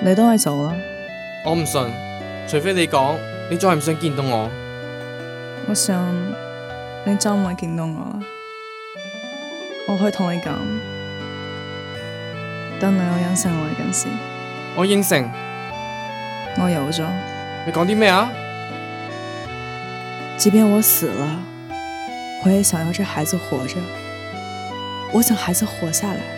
你都可以走啊。我唔信，除非你講，你再唔想見到我。我想你再唔會見到我，我可以同一當你講，等你有欣賞我嗰時。我應承。我有咗。你講啲咩啊？即便我死了，我也想要這孩子活着。我想孩子活下來。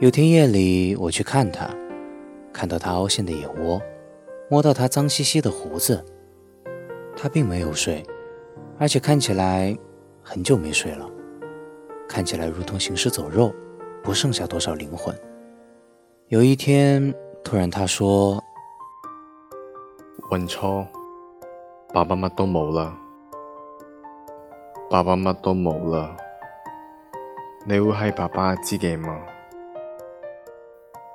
有天夜裏，我去看他，看到他凹陷的眼窩，摸到他髒兮兮的鬍子，他並沒有睡，而且看起來很久沒睡了，看起來如同行屍走肉，不剩下多少靈魂。有一天，突然他說：“文初，爸爸乜都冇了。爸爸乜都冇了。你會係爸爸嘅知己嗎？”